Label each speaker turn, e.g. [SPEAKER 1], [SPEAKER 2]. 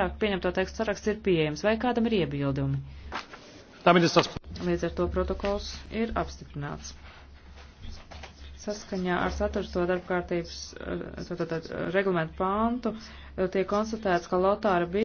[SPEAKER 1] vairāk pieņemto tekstu saraksts ir pieejams, vai kādam ir iebildumi. Līdz ar to protokols ir apstiprināts. Saskaņā ar 4. darbkārtības eh, eh, regulamentu pāntu eh, tiek konstatēts, ka Lotāra
[SPEAKER 2] bija.